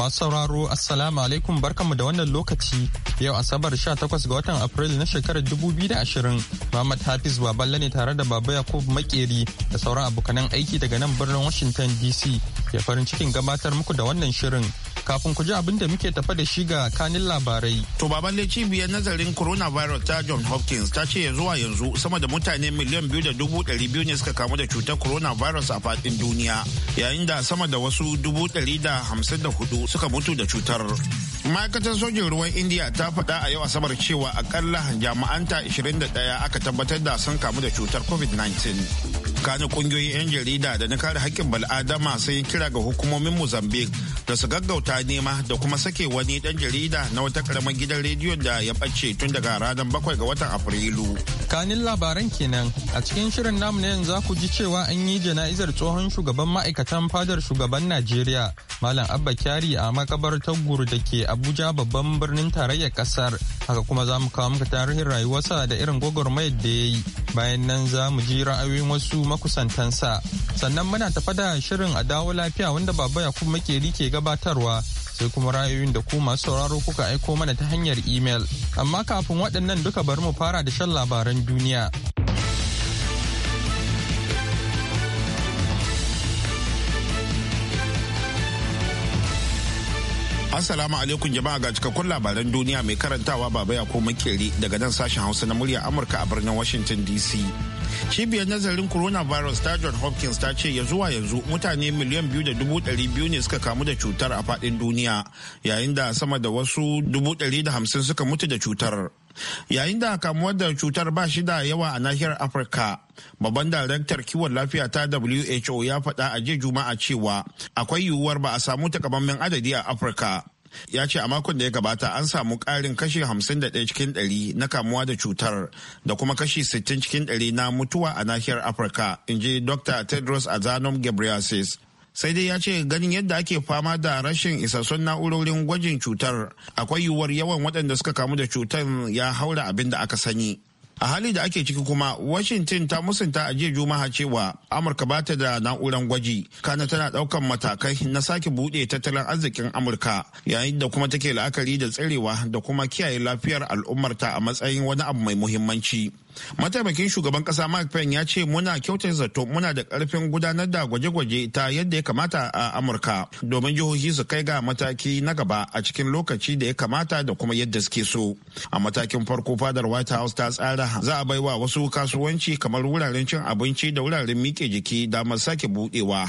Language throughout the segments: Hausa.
Masu sauraro Assalamu alaikum barkanmu da wannan lokaci yau Asabar 18 ga watan Afrilu na shekarar 2020 Muhammad Hafiz Baballe ne tare da Baba Yakub Makeri da sauran abokanan aiki daga nan birnin Washington DC ya farin cikin gabatar muku da wannan shirin kafin ku ji abin da muke tafa da shi ga kanin labarai. To Baballe cibiyar nazarin coronavirus ta John Hopkins ta ce zuwa yanzu sama da mutane miliyan biyu da dubu ɗari biyu ne suka kamu da cutar coronavirus a faɗin duniya yayin da sama da wasu dubu ɗari da hamsin da hudu suka mutu da cutar ma'aikatar sojin ruwan india ta faɗa a yau asabar cewa akalla jama'anta 21 aka tabbatar da sun kamu da cutar covid-19 tsakanin kungiyoyin 'yan jarida da na kare hakkin bal'adama sai ya kira ga hukumomin mozambique da su gaggauta nema da kuma sake wani dan jarida na wata karamar gidan rediyo da ya bace tun daga ranar bakwai ga watan afrilu kanin labaran kenan a cikin shirin namu na yanzu ku ji cewa an yi jana'izar tsohon shugaban ma'aikatan fadar shugaban najeriya malam abba kyari a makabar taguru da ke abuja babban birnin tarayyar kasar haka kuma za mu kawo muka tarihin rayuwarsa da irin gwagwarmayar da ya yi bayan nan za mu ji ra'ayoyin wasu makusantansa sannan muna tafa da shirin a dawo lafiya wanda baba ya kuma makeri ke gabatarwa sai kuma ra'ayoyin da ku masu sauraro kuka aiko mana ta hanyar imel amma kafin waɗannan duka bari mu fara da shan labaran duniya Assalamu alaikum jama'a ga cikakkun labaran duniya mai karantawa baba ya ko makeri daga nan sashen Hausa na murya Amurka a birnin Washington DC. cibiyar nazarin coronavirus ta john hopkins ta ce ya zuwa yanzu mutane miliyan biyu da dubu dari biyu ne suka kamu da cutar a fadin duniya yayin da sama da wasu dubu dari da hamsin suka mutu da cutar yayin da kamuwar da cutar ba shi da yawa a nahiyar afirka babban daraktar kiwon lafiya ta who ya faɗa a jiya juma'a cewa akwai yiwuwar ba a samu takamammen adadi a afirka ya ce a makon da ya gabata an samu ƙarin kashi 51 cikin 100 na kamuwa da cutar da kuma kashi 60 cikin 100 na mutuwa a nahiyar afirka in ji dr tedros adhanom ghebreyesus sai dai ya ce ganin yadda ake fama da rashin isassun na'urorin gwajin cutar akwai yiwuwar yawan waɗanda suka kamu da cutar ya haura abin da aka sani a hali da ake ciki kuma washington ta musanta a jiya juma'a cewa amurka ba ta da na'uran gwaji kana tana daukan matakai na sake bude tattalin arzikin amurka yayin da kuma take la'akari da tsarewa da kuma kiyaye lafiyar al'ummarta a matsayin wani abu mai muhimmanci mataimakin shugaban kasa mark penn ya ce muna kyautar zato muna da karfin gudanar da gwaje-gwaje ta yadda ya kamata a amurka domin jihohi su kai ga mataki na gaba a cikin lokaci da ya kamata da kuma yadda suke so a matakin farko fadar white house ta tsara za a baiwa wasu kasuwanci kamar wuraren cin abinci da wuraren miƙe jiki damar sake buɗewa.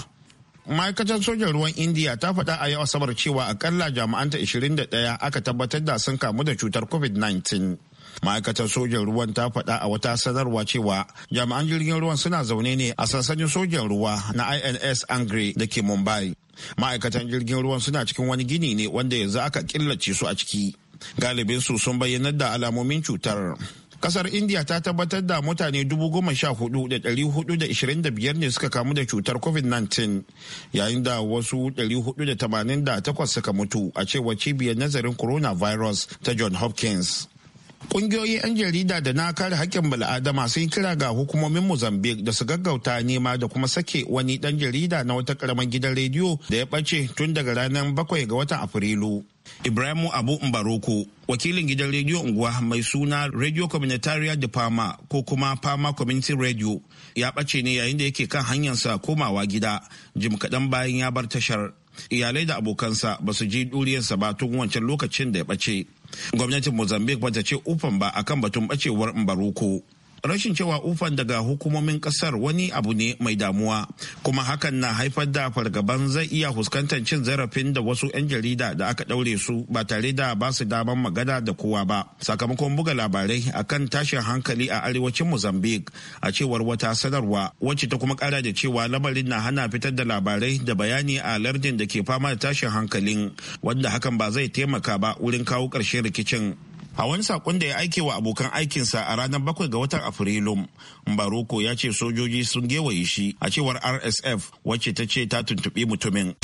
ma'aikatar sojan ruwan Indiya ta faɗa a yau asabar cewa akalla ta 21 aka tabbatar da sun kamu da cutar covid-19 ma'aikatar sojan ruwan ta faɗa a wata sanarwa cewa jami'an jirgin ruwan suna zaune ne a sansanin sojan ruwa na ins angre da ke mumbai ma'aikatan jirgin ruwan suna cikin wani gini ne wanda yanzu aka killace su a ciki galibinsu sun bayyana da alamomin cutar kasar india ta tabbatar da mutane 14,425 ne suka kamu da cutar covid-19 yayin da wasu 488 suka mutu a cewa cibiyar nazarin coronavirus ta john hopkins Kungiyoyin 'yan jarida da na kare haƙƙin bala'adama sun kira ga hukumomin Mozambique da su gaggauta nema da kuma sake wani ɗan jarida na wata ƙaramin gidan rediyo da ya ɓace tun daga ranar bakwai ga watan Afrilu. Ibrahimu Abu Mbaroko, wakilin gidan rediyo unguwa mai suna Radio Communitaria de Pama ko kuma Pama Community Radio ya ɓace ne yayin da yake kan hanyarsa komawa gida jim kaɗan bayan ya bar tashar. Iyalai da abokansa ba su ji ɗuriyarsa ba tun wancan lokacin da ya ɓace. Gwamnatin Mozambique ta ce ufan ba akan batun bacewar Mbaruko. rashin cewa ufan daga hukumomin kasar wani abu ne mai damuwa kuma hakan na haifar da fargaban zai iya fuskantar cin zarafin da wasu 'yan jarida da aka daure su ba tare da ba su daman magana da kowa ba sakamakon buga labarai akan tashin hankali a arewacin mozambique a cewar wata sanarwa wacce ta kuma kara da cewa lamarin na hana fitar da labarai da bayani a lardin da ke fama da tashin hankalin wanda hakan ba zai taimaka ba wurin kawo ƙarshen rikicin A wani sakon da ya aike wa abokan aikinsa a ranar bakwai ga watan Afrilu, Baroko ya ce sojoji sun gewaye shi a cewar RSF wacce ta ce ta tuntuɓi mutumin.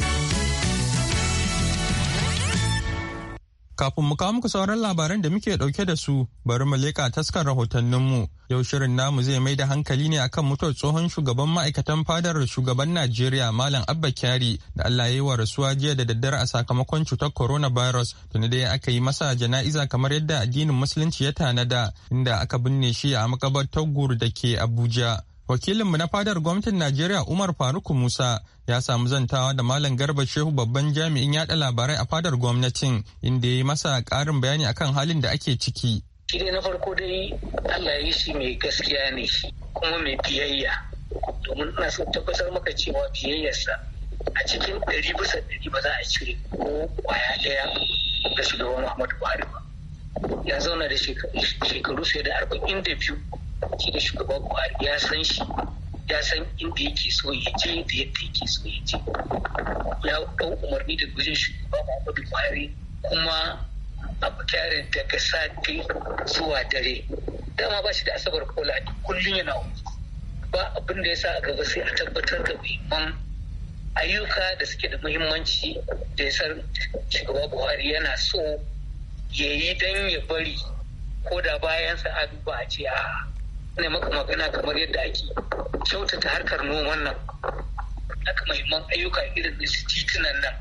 Kafin mu kawo muku sauran labaran da muke ɗauke da su bari mu leƙa taskar rahotanninmu. Yau shirin namu zai mai da hankali ne akan mutuwar tsohon shugaban ma'aikatan fadar shugaban Najeriya Malam Abba Kyari da Allah ya wa rasuwa jiya da daddare a sakamakon cutar coronavirus ne dai aka yi masa jana'iza kamar yadda addinin musulunci ya tanada inda aka binne shi a makabar gur da ke Abuja. wakilinmu na fadar gwamnatin najeriya umar faruku musa ya samu zantawa da malam garba shehu babban jami'in yada labarai a fadar gwamnatin inda ya yi masa karin bayani akan halin da ake ciki shi dai na farko dai allah ya yi shi mai gaskiya ne kuma mai biyayya domin ina son tabbatar maka cewa biyayyarsa a cikin ɗari bisa ɗari ba za a cire ko kwaya ɗaya da shugaban muhammadu buhari ba ya zauna da shekaru sai da arba'in da biyu ce da shugaba buhari ya san shi ya san inda yake so ya je da yadda yake so ya je ya dau umarni da gujin shugaba muhammadu buhari kuma a kyare daga sati zuwa dare dama ba shi da asabar kola kullum yana ba abin da ya sa a gaba sai a tabbatar da muhimman ayyuka da suke da muhimmanci da ya san shugaba buhari yana so ya yi don ya bari ko da bayansa a duba a ce a ne maka magana kamar yadda ake kyautata harkar noman nan haka muhimman ayyuka irin da su titunan nan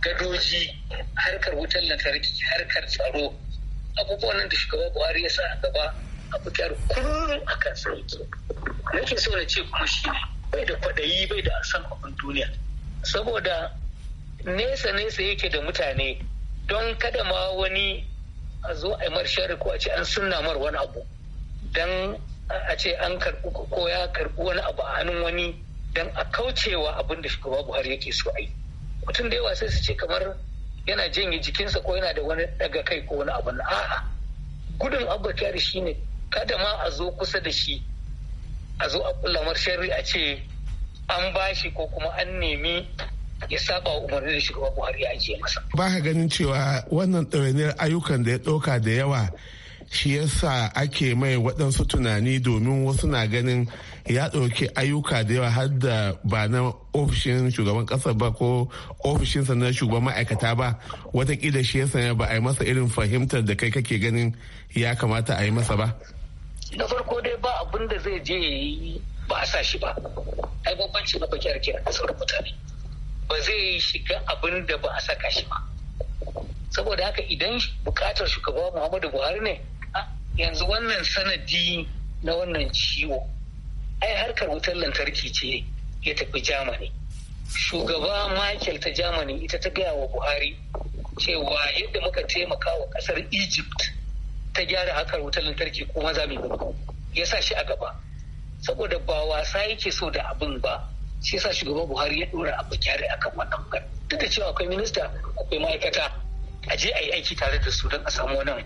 gadoji harkar wutar lantarki harkar tsaro abubuwan nan da shugaba buhari ya sa a gaba a fitar kullum a kan sauki nake so na ce kuma shi ne, bai da kwaɗayi bai da san abin duniya saboda nesa nesa yake da mutane don kada ma wani a zo a mar shari ko a ce an sunna mar wani abu don a ce an karɓi ko ya karɓi wani abu a hannun wani don a kaucewa abin da shugaba buhari yake so a yi mutum da yawa sai su ce kamar yana janye jikinsa ko yana da wani daga kai ko wani abu na a'a gudun abba kyari shine kada ma a zo kusa da shi a zo a kullamar sharri a ce an bashi ko kuma an nemi ya saba umarni da shugaba buhari ya ajiye masa ba ka ganin cewa wannan ɗawainiyar ayyukan da ya ɗauka da yawa shi yasa ake mai waɗansu tunani domin wasu na ganin ya ɗauki ayyuka da yawa har da ba na ofishin shugaban ƙasa ba ko ofishinsa na shugaban ma'aikata ba watakila shi yasa ba a yi masa irin fahimtar da kai kake ganin ya kamata a yi masa ba na farko dai ba abin da zai je yi ba a sa shi ba ai bambanci na baki kira da sauran mutane ba zai shiga abin da ba a saka shi ba saboda haka idan bukatar shugaba muhammadu buhari ne yanzu wannan sanadi na wannan ciwo ai harkar wutar lantarki ce ya tafi jamani shugaba michael ta jamani ita ta gaya wa buhari cewa yadda muka taimaka wa kasar egypt ta gyara harkar wutar lantarki kuma za mu ya sa shi a gaba saboda ba wasa yake so da abin ba shi sa shugaba buhari ya dora abu kyare akan wannan magana duk da cewa akwai minista akwai ma'aikata a je a yi aiki tare da su don a samu wannan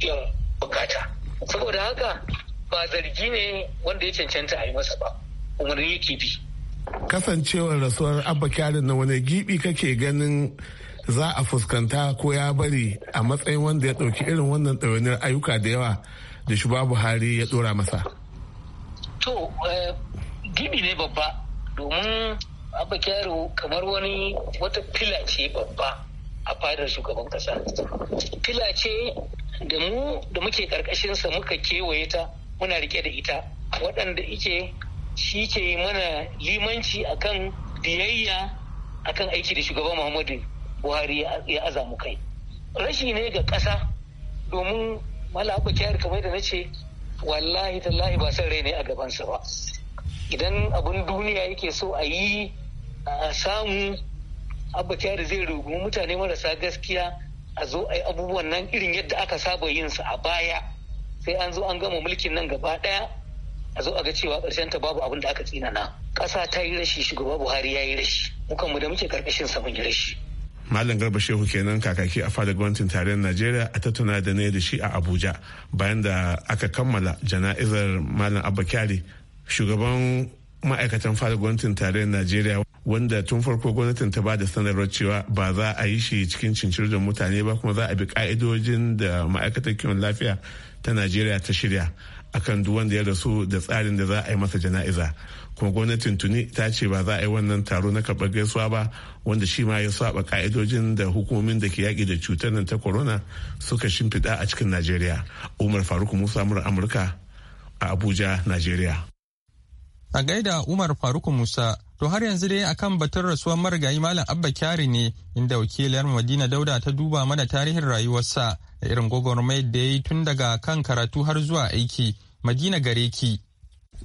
yau bukata saboda haka ba zargi ne wanda ya cancanta a yi masa ba umarni yake bi kasancewar rasuwar abba kyarin na wani gibi kake ganin za a fuskanta ko ya bari a matsayin wanda ya ɗauki irin wannan ɗawainiyar ayyuka da yawa da shugaba buhari ya ɗora masa to eh, gibi ne babba domin abba kyaro kamar wani wata filace babba a fadar shugaban kasa fila da mu da muke karkashinsa muka kewaye ta muna rike da ita waɗanda ike shi ke mana limanci akan biyayya akan aiki da shugaban muhammadu buhari ya azamu kai rashi ne ga ƙasa domin malaba kyar kamar da nace wallahi tallahi ba san rai ne a gabansa ba idan abun duniya yake so a yi a samu abu kyar zai rugumi mutane marasa gaskiya a zo a yi abubuwan nan irin yadda aka saba yin su a baya sai an zo an gama mulkin nan gaba ɗaya a zo a ga cewa ƙarshen ta babu abin da aka tsinana ƙasa ta yi rashi shugaba buhari ya yi rashi mukan mu da muke karkashin sa mun yi rashi Malam Garba Shehu kenan kakaki a fadar gwamnatin tarayyar Najeriya a tattauna da ne da shi a Abuja bayan da aka kammala jana'izar Malam Abba Kyari shugaban ma'aikatan fadar gwamnatin tarayyar Najeriya wanda tun farko gwamnatin ta ba da sanarwar cewa ba za a yi shi cikin cincirin mutane ba kuma za a bi ka'idojin da ma'aikatar kiwon lafiya ta najeriya ta shirya akan duk wanda ya rasu da tsarin da za a yi masa jana'iza kuma gwamnatin tuni ta ce ba za a yi wannan taro na karɓar gaisuwa ba wanda shi ma ya saba ka'idojin da hukumomin da ke yaƙi da cutar nan ta korona suka shimfiɗa a cikin najeriya umar faruk musa mura amurka a abuja najeriya A gaida Umar Faruk Musa, to har yanzu dai akan batun rasuwar marigayi Malam Abba Kyari ne inda wakilar Madina Dauda ta duba mana tarihin rayuwarsa da irin gwagwarmayar da ya yi tun daga kan karatu har zuwa aiki. Madina gare ki.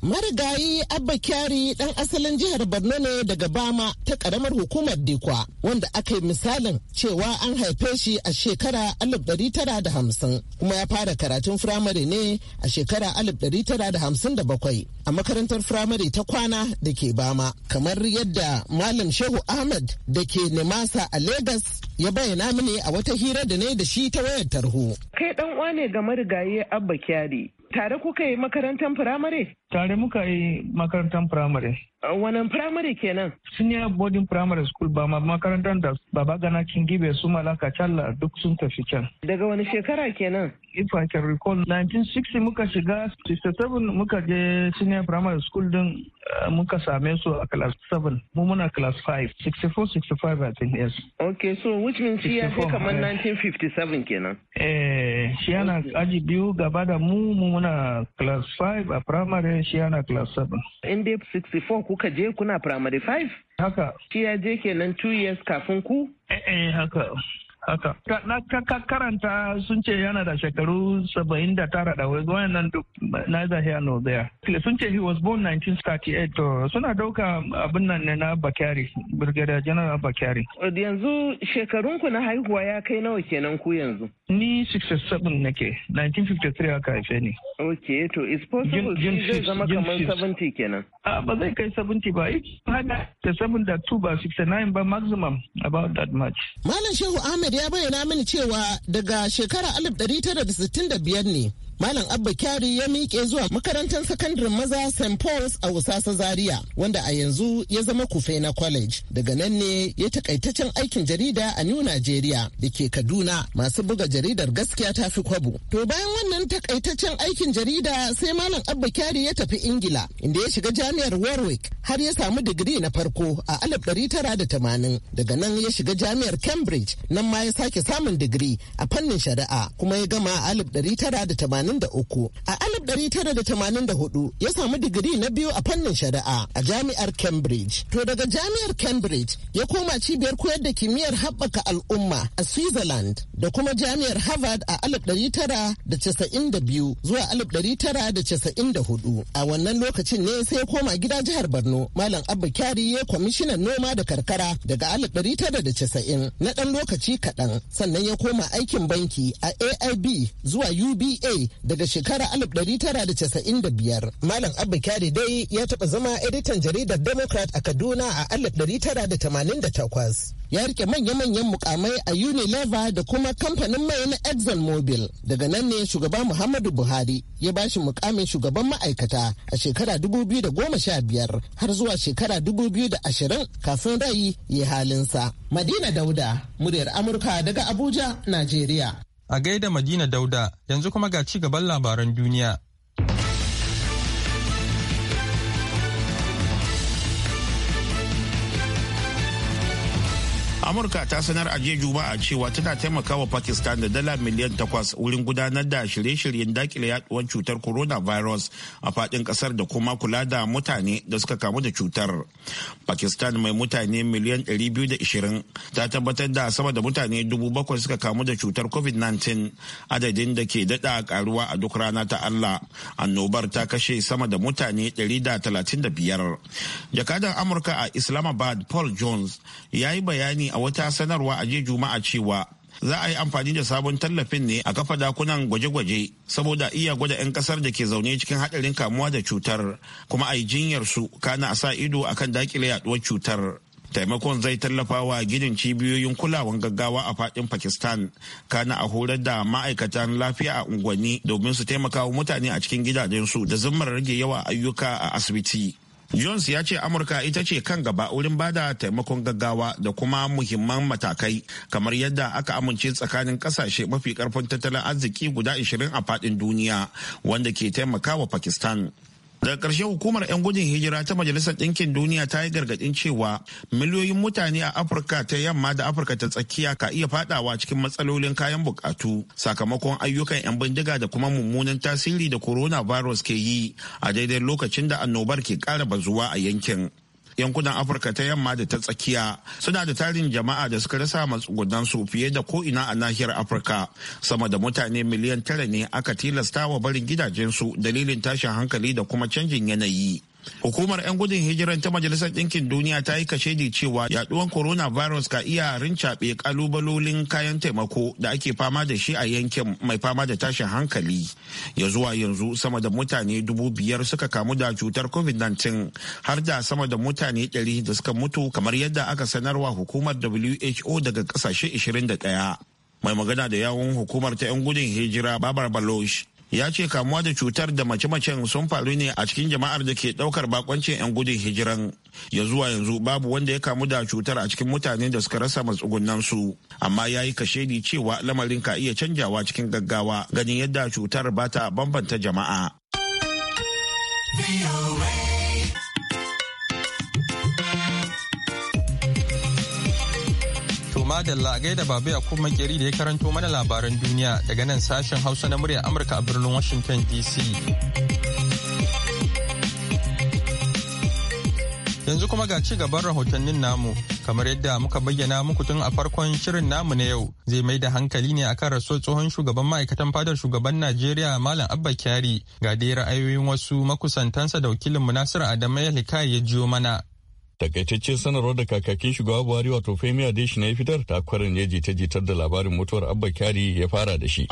marigayi abba kyari dan asalin jihar borno ne daga bama ta karamar hukumar dikwa wanda aka yi misalin cewa an haife shi a shekara 1950 kuma ya fara karatun firamare ne a shekara 1957 a makarantar firamare ta kwana da ke bama kamar yadda malam shehu Ahmed da ke nemasa a Legas ya bayyana mini a wata hira da ne da shi ta wayar tarho kai dan ne ga marigayi abba kyari tare kuka yi makarantar firamare Tare muka yi makarantar firamare. Wannan firamare kenan? Senior boarding primary school ba ma makarantar da Baba Gana Kingibe su Malaka Challa duk sun tafi can. Daga wani shekara kenan? If I can recall 1960 muka shiga 67 muka je senior primary school din eh, muka same su a class 7 mu muna class 5 64 65 I think yes. Okay so which means shi ya fi kamar 1957 kenan. Eh shi yana aji biyu gaba da mu mu muna class 5 a primary gidan shi yana class 7 in dai 64 kuka je kuna primary 5 haka shi ya je kenan 2 years kafin ku eh, eh haka haka na karanta sun ce yana da shekaru 79 da tara da wai nan duk neither here nor there sun ce he was born 1938 to suna dauka abin nan ne na bakari brigadier general bakari yanzu shekarun ku na haihuwa ya kai nawa kenan ku yanzu ni 67 nake 1953 aka haife ni ok to is possible shi zai zama kamar 70 kenan ah, ba zai kai 70 ba it's hada ba 69 ba maximum about that much malam shehu ahmed Ahmad ya bayyana mini cewa daga shekara 1965 ne Malam Abba Kyari ya miƙe zuwa makarantar sakandaren maza St. Paul's a Wusasa Zaria wanda a yanzu ya zama na College. Daga nan ne ya takaitaccen aikin jarida a New Nigeria da ke Kaduna masu buga jaridar gaskiya ta fi kwabo. To bayan wannan takaitaccen aikin jarida sai Malam Abba Kyari ya tafi Ingila inda ya shiga jami'ar Warwick har ya samu digiri na farko a tara tamanin Daga nan ya shiga jami'ar Cambridge nan ma ya sake samun digiri a fannin shari'a kuma ya gama a 1980. 1983 a 1984 ya samu digiri na biyu a fannin shari'a a jami'ar cambridge to daga jami'ar cambridge ya koma cibiyar koyar da kimiyyar haɓaka al'umma a switzerland da kuma jami'ar harvard a 1992 zuwa 1994 a wannan lokacin ne sai ya koma gida jihar borno malam abu kyari ya kwamishinan noma da karkara daga 1990 na ɗan lokaci kaɗan sannan ya koma aikin banki a aib zuwa uba daga shekarar 1995 malam abu kyari dai ya taɓa zama editan jaridar democrat a kaduna a 1988 ya rike manya-manyan mukamai a unilever da kuma kamfanin mai na exxon mobil daga nan ne shugaba muhammadu buhari ya bashi mukamin shugaban ma'aikata a shekara 2015 har zuwa shekara 2020 kafin rayi ya halinsa madina dauda muryar amurka daga abuja najeriya A gaida Madina Dauda yanzu kuma ga ci gaban labaran duniya. amurka ta sanar a jiya juma'a cewa tana taimakawa pakistan da dala miliyan takwas wurin gudanar da shirye-shiryen dakile yaduwar cutar coronavirus a fadin kasar da kuma kula da mutane da suka kamu da cutar pakistan mai mutane miliyan 220 ta tabbatar da sama da mutane 700 suka kamu da cutar covid-19 adadin da ke dada karuwa a duk rana ta allah annobar ta kashe sama da mutane 135 jakadan amurka a islamabad paul jones ya yi bayani a wata sanarwa a juma'a cewa za a yi amfani da sabon tallafin ne a kafa dakunan gwaje-gwaje saboda iya gwada 'yan kasar da ke zaune cikin haɗarin kamuwa da cutar kuma a yi jinyar su kana a sa ido a kan dakile yaduwar cutar taimakon zai tallafa wa ginin cibiyoyin kulawan gaggawa a fadin pakistan kana a horar da ma'aikatan lafiya a unguwanni domin su taimaka wa mutane a cikin gidajensu da zumar rage yawa ayyuka a asibiti Jones ya ce Amurka ita ce kan gaba wurin bada taimakon gaggawa da kuma muhimman matakai kamar yadda aka amince tsakanin kasashe mafi karfin tattalin arziki guda 20 a faɗin duniya wanda ke taimakawa Pakistan. daga karshen hukumar 'yan gudun hijira ta majalisar ɗinkin duniya ta yi gargaɗin cewa miliyoyin mutane a afirka ta yamma da afirka ta tsakiya ka iya fadawa cikin matsalolin kayan bukatu sakamakon ayyukan 'yan bindiga da kuma mummunan tasiri da coronavirus ke yi a daidai lokacin da annobar ke ƙara bazuwa a yankin yankunan afirka ta yamma da ta tsakiya suna da tarin jama'a da suka rasa matsugudan su fiye da ko ina a nahiyar afirka sama da mutane miliyan tara ne aka tilasta wa barin gidajensu dalilin tashin hankali da kuma canjin yanayi Hukumar 'yan gudun hijiran ta Majalisar Ɗinkin Duniya ta yi kashe kashedi cewa yaduwan coronavirus ka iya rincaɓe kalubalolin kayan taimako da ake fama da shi a yankin mai fama da tashin hankali. Ya zuwa yanzu sama da mutane dubu biyar suka kamu da cutar COVID-19 har da sama da mutane ɗari da suka mutu kamar yadda aka sanarwa hukumar WHO daga ƙasashe 21. Mai magana da yawun hukumar ta 'yan gudun hijira Babar Baloch ya ce kamuwa da cutar da mace-macen sun faru ne a cikin jama'ar da ke daukar bakoncin 'yan gudun hijiran ya zuwa yanzu babu wanda ya kamu da cutar a cikin mutane da suka rasa matsugunan su amma ya yi kashedi cewa lamarin ka iya canjawa cikin gaggawa ganin yadda cutar ba ta bambanta jama'a. a gaida babu ya kuma keri da ya karanto mana labaran duniya daga nan sashen hausa na murya amurka a birnin washington dc yanzu kuma ga ci gaban rahotannin namu kamar yadda muka bayyana muku tun a farkon shirin namu na yau zai mai da hankali ne akan rasuwar tsohon shugaban ma'aikatan fadar shugaban najeriya malam abba kyari ga dai ra'ayoyin wasu makusantansa da wakilin munasir adamu ya ya jiyo mana takaitaccen sanarwar da kakakin shugaba buhari wato femi na ya fitar ta kwarin ya jita-jitar da labarin mutuwar abba kyari ya fara da shi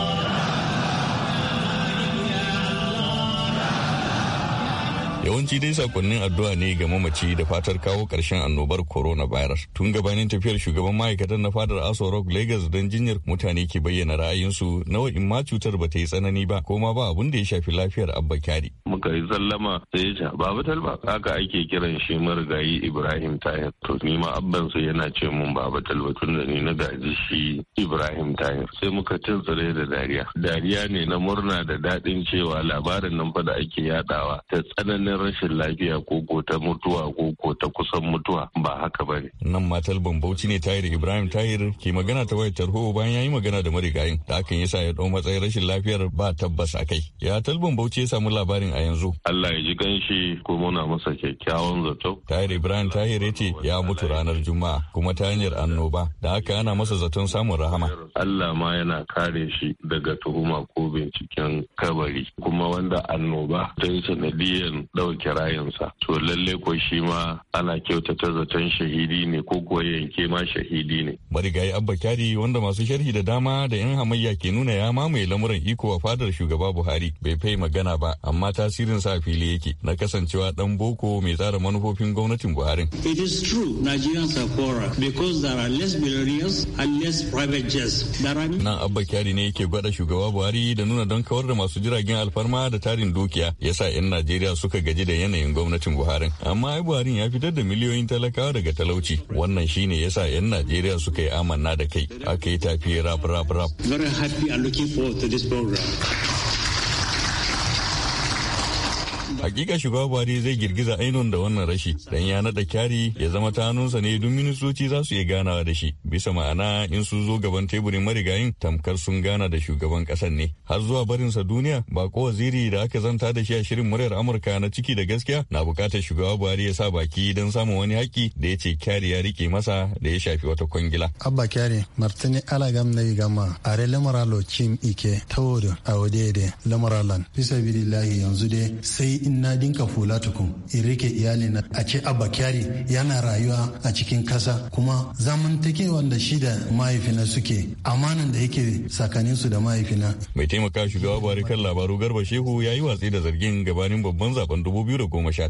Yawanci dai sakonnin addu'a ne ga mamaci da fatar kawo karshen annobar corona coronavirus. Tun gabanin tafiyar shugaban ma'aikatar na fadar Aso Rock Lagos don jinyar mutane ke bayyana ra'ayinsu nau'in ma cutar ba ta yi tsanani ba ko ma ba abun da ya shafi lafiyar Abba Kyari. Muka yi sallama sai ya ce Baba Talba haka ake kiran shi marigayi Ibrahim Tahir. To ni ma abban sai yana ce mun Baba Talba tun da ni na gaji shi Ibrahim Tahir. Sai muka tsare da dariya. Dariya ne na murna da daɗin cewa labarin nan fa da ake yadawa ta tsananin rashin lafiya ko ta mutuwa ko ta kusan mutuwa ba haka ba ne. Nan matal bambauci ne Tahir Ibrahim Tahir ke magana ta wayar tarho bayan ya yi magana da marigayin da hakan ya sa ya ɗau matsayin rashin lafiyar ba tabbas a kai. Ya talban bauchi ya samu labarin a yanzu. Allah ya ji ganshi ko muna masa kyakkyawan zato. Tahir Ibrahim Tahir ya ce ya mutu ranar Juma'a kuma ta hanyar annoba da haka ana masa zaton samun rahama. Allah ma yana kare shi daga tuhuma ko binciken kabari kuma wanda annoba ta yi sanadiyar ɗauke rayinsa to lalle ko shi ma ana kyautata zaton shahidi ne ko kuwa yanke ma shahidi ne marigayi abba kyari wanda masu sharhi da dama da yan hamayya ke nuna ya mamaye lamuran iko a fadar shugaba buhari bai fai magana ba amma tasirin sa fili yake na kasancewa dan boko mai tsara manufofin gwamnatin buhari it is true nigerians are poorer because there are less billionaires and less private jets nan abba kyari ne yake gwada shugaba buhari da nuna don kawar da masu jiragen alfarma da tarin dukiya yasa yan najeriya suka gaji da yanayin gwamnatin Buhari. Amma ai Buhari ya fitar da miliyoyin talakawa daga talauci. Wannan shine yasa 'yan Najeriya suka yi amanna da kai. Aka yi tafi rap rap rap. Very happy and looking forward to this program. Hakika shugaba Buhari zai girgiza ainun da wannan rashi dan ya nada kyari ya zama ta hannunsa ne don ministoci za su iya ganawa da shi. Bisa ma'ana in su zo gaban teburin marigayin tamkar sun gana da shugaban ƙasar ne. Har zuwa barinsa duniya ba ko waziri da aka zanta da shi a shirin muryar Amurka na ciki da gaskiya na bukatar shugaba Buhari ya sa baki don samun wani haƙƙi da ya ce kyari ya rike masa da ya shafi wata kwangila. Abba kyari Martini Alagam na gama are lamara lokin ike ta wuri a da lamara lan Bisa bidillahi yanzu dai sai in na dinka fula tukun in rike iyalina a ce abba kyari yana rayuwa a cikin kasa kuma zamantakewan da shi da mahaifina suke amanan da yake tsakanin su da mahaifina. mai taimaka shugaba bari kan labaru garba shehu ya yi watsi da zargin gabanin babban zaben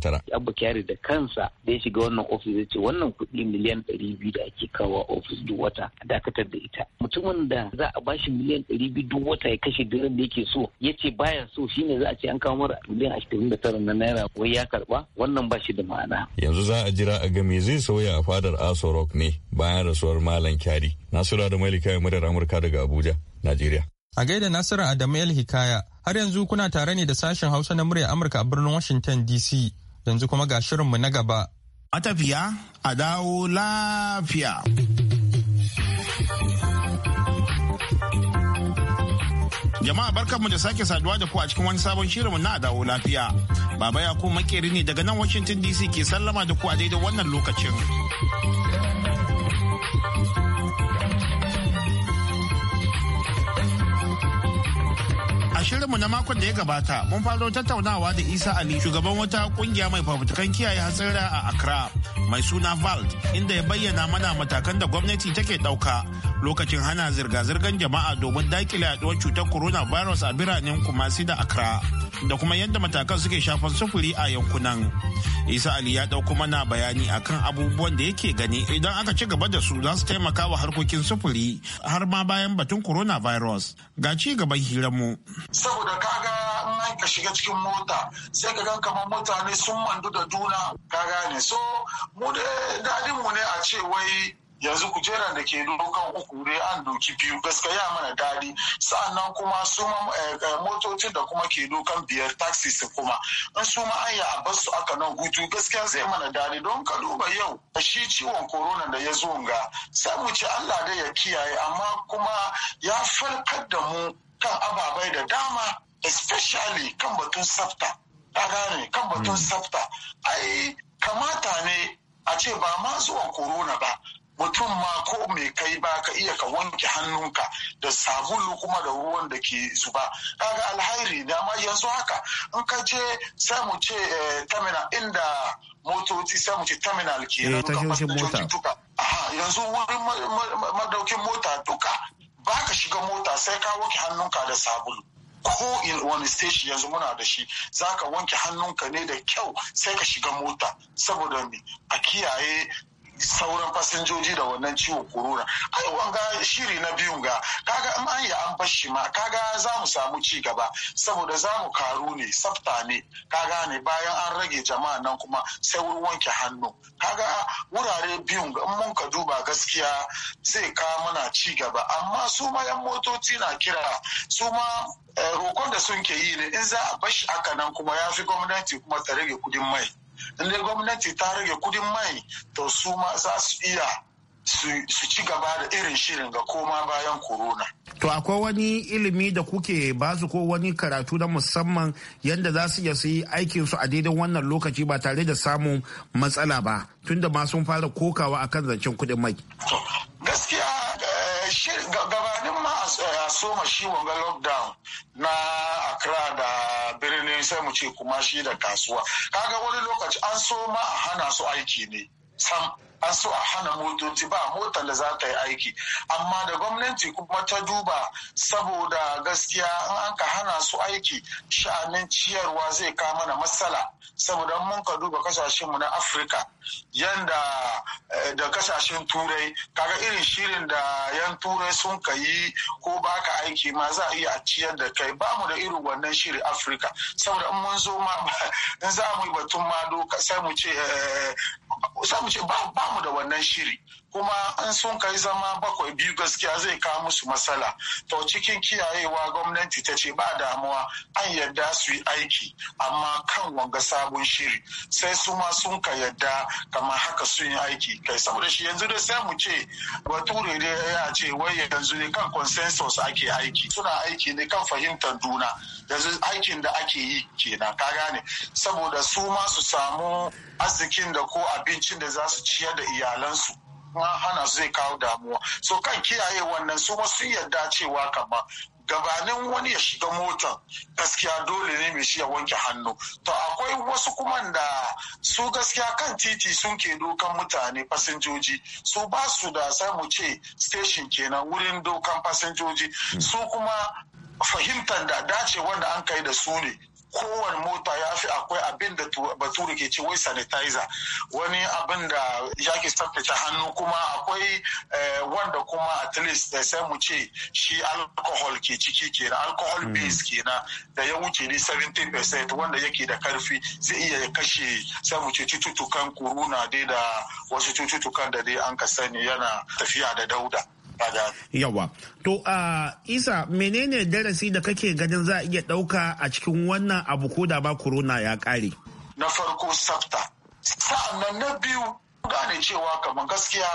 tara. abba kyari da kansa da ya shiga wannan ofis ya ce wannan kuɗi miliyan biyu da ake kawo ofis duk wata a dakatar da ita mutumin da za a bashi miliyan biyu duk wata ya kashe diran da yake so ya ce baya so shine za a ce an kawo mara miliyan tara. tara na naira wai ya karba wannan ba shi da ma'ana. Yanzu za a jira a ga me zai sauya a fadar Aso Rock ne bayan rasuwar Malam Kyari. Nasura da Malika ya madar Amurka daga Abuja, Najeriya. A gaida Nasiru Adamu El Hikaya, har yanzu kuna tare ne da sashen Hausa na murya Amurka a birnin Washington DC. Yanzu kuma ga shirinmu na gaba. a tafiya a dawo lafiya. Jama'a barkanmu da sake saduwa da ku a cikin wani sabon shirinmu na dawo lafiya. Baba Yakubu makeri ne daga nan Washington DC ke sallama da ku a daidai wannan lokacin. shirinmu na makon da ya gabata mun faro tattaunawa da Isa Ali shugaban wata kungiya mai fafutukan kiyaye hatsari a Accra mai suna VALD inda ya bayyana mana matakan da gwamnati take ɗauka lokacin hana zirga-zirgar jama'a domin dakile yaduwar cutar coronavirus a biranen Kumasi da Accra. da kuma yadda matakan suke shafar sufuri a yankunan. Isa Ali ya ɗauko mana bayani akan abubuwan da yake gani idan aka ci gaba da su za su taimaka wa harkokin sufuri har ma bayan batun coronavirus. Ga ci gaban mu. Saboda kaga in ka shiga cikin mota sai ka ga kamar mutane sun mandu da juna ka gane so mu da dadin mu ne a ce wai yanzu kujeran da ke dokan uku dai an doki biyu gaskiya mana daɗi sa'annan kuma su eh, eh, motocin da kuma ke dokan biyar taxi su kuma in su ma an yi a su aka nan hutu gaskiya zai mana daɗi don ka duba yau a shi ciwon corona da ya zo ga sai mu ci Allah da ya kiyaye amma kuma ya farkar da mu kan ababai da dama especially kan batun tsafta ta gane kan batun hmm. tsafta ai kamata ne a ce ba ma zuwan corona ba mutum ma ko mai kai ba ka iya ka wanke hannunka da sabulu kuma da ruwan da ke zuba kaga alhairi da ma yanzu haka in ka je sai mu ce eh, terminal inda motoci sai mu ce terminal ke eh, yanzu wurin madaukin mota duka ba ka shiga mota sai ka wanke hannunka da sabulu ko in wani station yanzu muna da shi za ka wanke hannunka ne da kyau sai ka shiga mota saboda a kiyaye sauran fasinjoji da wannan ciwon corona ai wanga shiri na biyu ga kaga in an yi an bar shi ma kaga za mu samu ci gaba saboda za mu karu ne tsafta ne kaga ne bayan an rage jama'a nan kuma sai wurin wanke hannu kaga wurare biyu in mun ka duba gaskiya zai ka muna ci gaba amma su ma yan motoci na kira su ma eh, rokon da sun ke yi ne in za a bashi haka nan kuma ya fi gwamnati kuma ta rage kudin mai in dai gwamnati ta rage kudin mai to su ma za su iya su ci gaba da irin shirin ga koma bayan corona. To akwai wani ilimi da kuke ba su ko wani karatu na musamman yadda za su iya su yi aikin su a daidai wannan lokaci ba tare da samun matsala ba tunda ma sun fara kokawa akan zancen kudin mai. Gaskiya na soma shi wanga lockdown na Accra da birnin sai mu ce kuma shi da kasuwa kaga wani lokaci an soma a hana su aiki ne sam an so a hana motoci ba motar da za ta yi aiki amma da gwamnati kuma ta duba saboda gaskiya in an ka hana su aiki sha'anin ciyarwa zai kama na matsala saboda mun ka duba kasashenmu na afirka yanda eh, da kasashen turai kaga irin shirin da yan turai sun ka yi ko ba ka aiki ma za a iya a ciyar da kai ba mu da irin wannan shirin afirka saboda in mun zo ma in za mu yi batun ma doka sai mu ce eh, ba mu da wannan shiri kuma an sun kai zama bakwai biyu gaskiya zai kawo musu matsala to cikin kiyayewa gwamnati ta ce ba damuwa an yarda su yi aiki amma kan wanga sabon shiri sai su ma sun ka yarda kamar haka sun yi aiki kai saboda shi yanzu dai sai mu ce bature ne ya ce wai yanzu ne kan consensus ake aiki suna aiki ne kan fahimtar juna yanzu aikin da ake yi kenan ka gane saboda su ma su samu arzikin da ko abincin da za su ciyar da iyalansu na hana zai kawo damuwa so kan kiyaye wannan su wasu yadda cewa kama gabanin wani ya shiga motan gaskiya dole ne mai shi ya wanke hannu to akwai wasu kuma da su gaskiya kan titi sun ke dokan mutane fasinjoji su ba su da sai mu ce station kenan wurin dokan fasinjoji su kuma fahimtar da dace wanda an kai da su ne kowane mota ya fi akwai abin da bature ke ce wai sanitizer wani abin da ya ke tsaftace hannu kuma akwai eh, wanda kuma at least da eh, sai mu ce shi alcohol ke ciki kenan alcohol hmm. base kenan da ya wuce ne 70% wanda yake da karfi zai iya kashe sai mu ce cututtukan corona dai da wasu cututtukan da dai an ka sani yana tafiya da dauda. Yawa. To, uh, Isa, menene darasi da kake ganin za a iya ɗauka a cikin wannan abu ko da ba corona ya ƙare? Na farko safta. Sa'annan na biyu gane cewa kamar gaskiya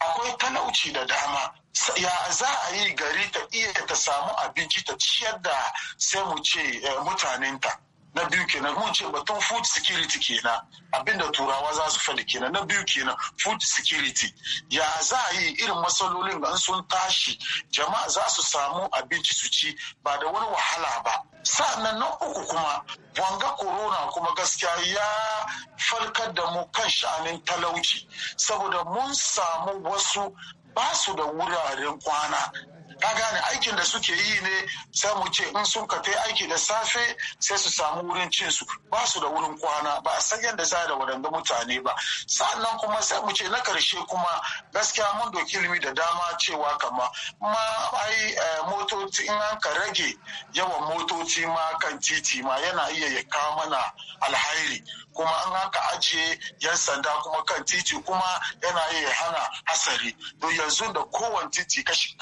akwai talauci da dama. Ya za a yi gari ta iya ta samu abinci ta ciyar da sai mu ce eh, mutanenta. na biyu kenan mun ce batun food security kenan abinda turawa za su faɗi kenan na biyu kenan food security ya za a yi irin matsalolin da sun tashi jama'a za su samu abinci su ci ba da wani wahala ba sa'annan na uku kuma wanga corona kuma gaskiya ya falkar da mu kan sha'anin talauci saboda mun samu wasu ba su da wuraren kwana ka gane aikin da suke yi ne sai mu ce in sun kafe aiki da safe sai su samu wurin cin su ba su da wurin kwana ba a san yadda za da wadanda mutane ba sannan kuma sai mu ce na karshe kuma gaskiya mun doki ilimi da dama cewa kama ma ai eh, motoci in an ka rage yawan motoci ma kan titi ma yana iya ya kawo mana alhairi kuma an haka ajiye yan sanda kuma kan titi kuma yana iya hana hasari don yanzu da kowane titi kashi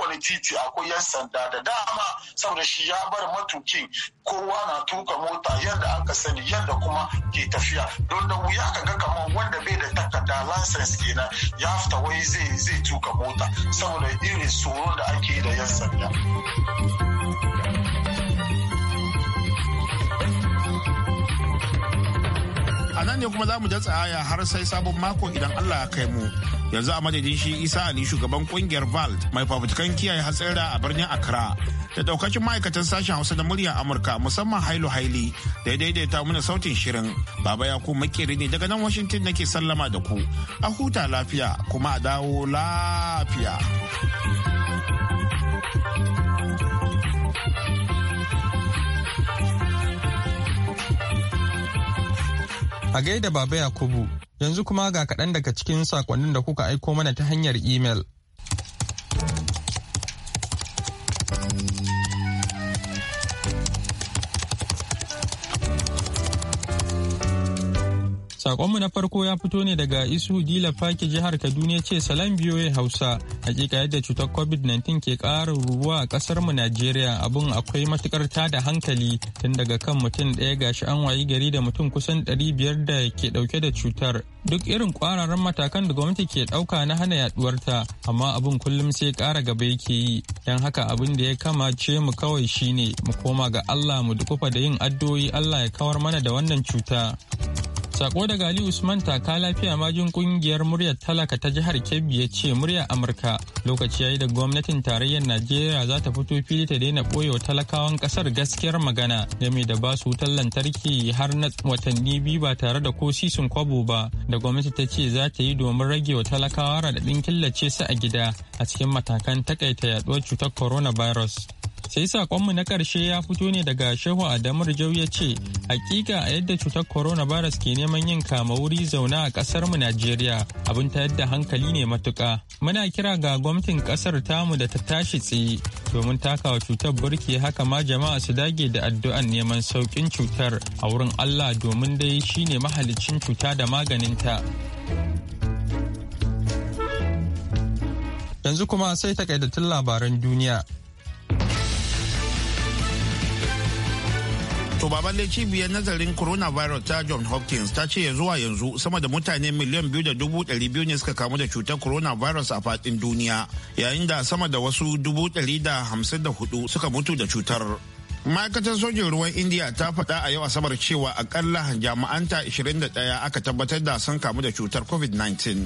kowane titi akwai yan sanda da dama saboda shi ya bar matukin kowa na tuka mota yadda aka sani yadda kuma ke tafiya don da wuya ka ga kamar wanda bai da takarda license kenan ya fita wai zai tuka mota saboda irin tsoron da ake da yan sanda. a nan ne kuma za mu ja tsaya har sai sabon mako idan Allah ya kai mu yanzu a madadin shi Isa Ali shugaban kungiyar Vald mai fafutukan kiyaye hatsari a birnin Accra da daukacin ma'aikatan sashen Hausa da muryar Amurka musamman Hailu Haili da ya daidaita mana sautin shirin Baba ya ku Makeri ne daga nan Washington nake sallama da ku a huta lafiya kuma a dawo lafiya. A gaida Baba Yakubu, yanzu kuma ga kaɗan daga cikin sakonnin da kuka aiko mana ta hanyar imel. Sakonmu na farko ya fito ne daga Isu Dila Faki jihar Kaduna ce salam biyoye Hausa hakika yadda cutar COVID-19 ke ƙara ruwa a ƙasar mu Najeriya abun akwai matukar tada hankali tun daga kan mutum ɗaya gashi an wayi gari da mutum kusan 500 da ke ɗauke da cutar. Duk irin kwararan matakan da gwamnati ke ɗauka na hana yaduwarta amma abun kullum sai ƙara gaba yake yi don haka abin da ya kamace mu kawai shine mu koma ga Allah mu dukufa da yin addu'o'i Allah ya kawar mana da wannan cuta. Sako daga Ali Usman taka lafiya majin kungiyar muryar talaka ta jihar Kebbi ya ce muryar Amurka lokaci yayi da gwamnatin tarayyar Najeriya za ta fito fili ta daina koyo talakawan kasar gaskiyar magana game da basu wutar lantarki har na watanni biyu ba tare da ko sisin kwabo ba da gwamnati ta ce za ta yi domin rage wa talakawa radadin killace su a gida a cikin matakan takaita yaduwar cutar coronavirus. sai sakonmu na karshe ya fito ne daga shehu adamu jau ya ce hakika a yadda cutar corona coronavirus ke neman yin kama wuri zauna a kasar mu najeriya abin ta yadda hankali ne matuka muna kira ga gwamnatin kasar tamu da ta tashi tsaye domin takawa cutar burki haka ma jama'a su dage da addu'an neman saukin cutar a wurin allah domin dai shine mahalicin cuta da maganinta yanzu kuma sai takaitattun labaran duniya To cibiyar nazarin coronavirus ta John Hopkins ta ce zuwa yanzu sama da mutane miliyan biyu da dubu ɗari biyu ne suka kamu da cutar coronavirus a faɗin duniya yayin da sama da wasu dubu ɗari da hamsin da hudu suka mutu da cutar. ma'aikatar sojin ruwan india ta faɗa a yau asabar cewa akalla jami'anta 21 aka tabbatar da sun kamu da cutar covid-19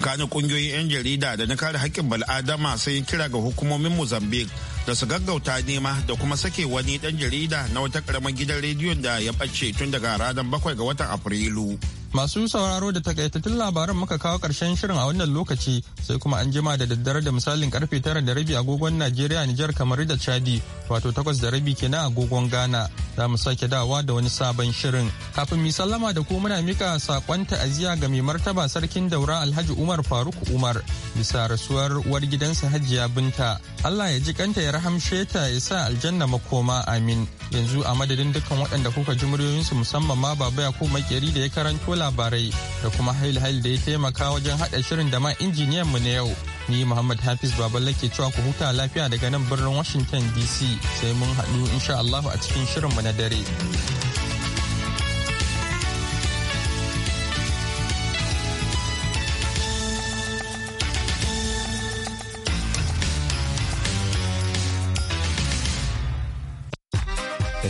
kani kungiyoyin 'yan jarida da na kare haƙƙin bal'adama sai kira ga hukumomin mozambique da su gaggauta nema da kuma sake wani dan jarida na wata karamar gidan rediyon da ya ɓace tun daga ranar bakwai ga watan afrilu Masu sauraro da takaitattun labaran muka kawo ƙarshen shirin a wannan lokaci sai kuma an jima da daddare da misalin karfe tara da rabi agogon Najeriya Nijar kamar da Chadi wato takwas da rabi kenan agogon Ghana za mu sake dawa da wani sabon shirin. Kafin mi sallama da ku muna mika sakon ta'aziyya ga mai martaba sarkin daura Alhaji Umar Faruk Umar bisa rasuwar uwar gidansa Hajiya Binta. Allah ya ji kanta ya rahamshe ta ya sa aljanna makoma amin. Yanzu a madadin dukkan waɗanda kuka ji muryoyinsu musamman ma Baba ya ko Makeri da ya karanto labarai da kuma hail hail da ya taimaka wajen haɗa shirin da ma injiniyan mu na yau ni muhammad hafiz baballa ke cewa ku huta lafiya daga nan birnin washington dc sai mun haɗu insha Allah a cikin shirin mu na dare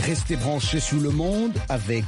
Restez branchés sur le monde avec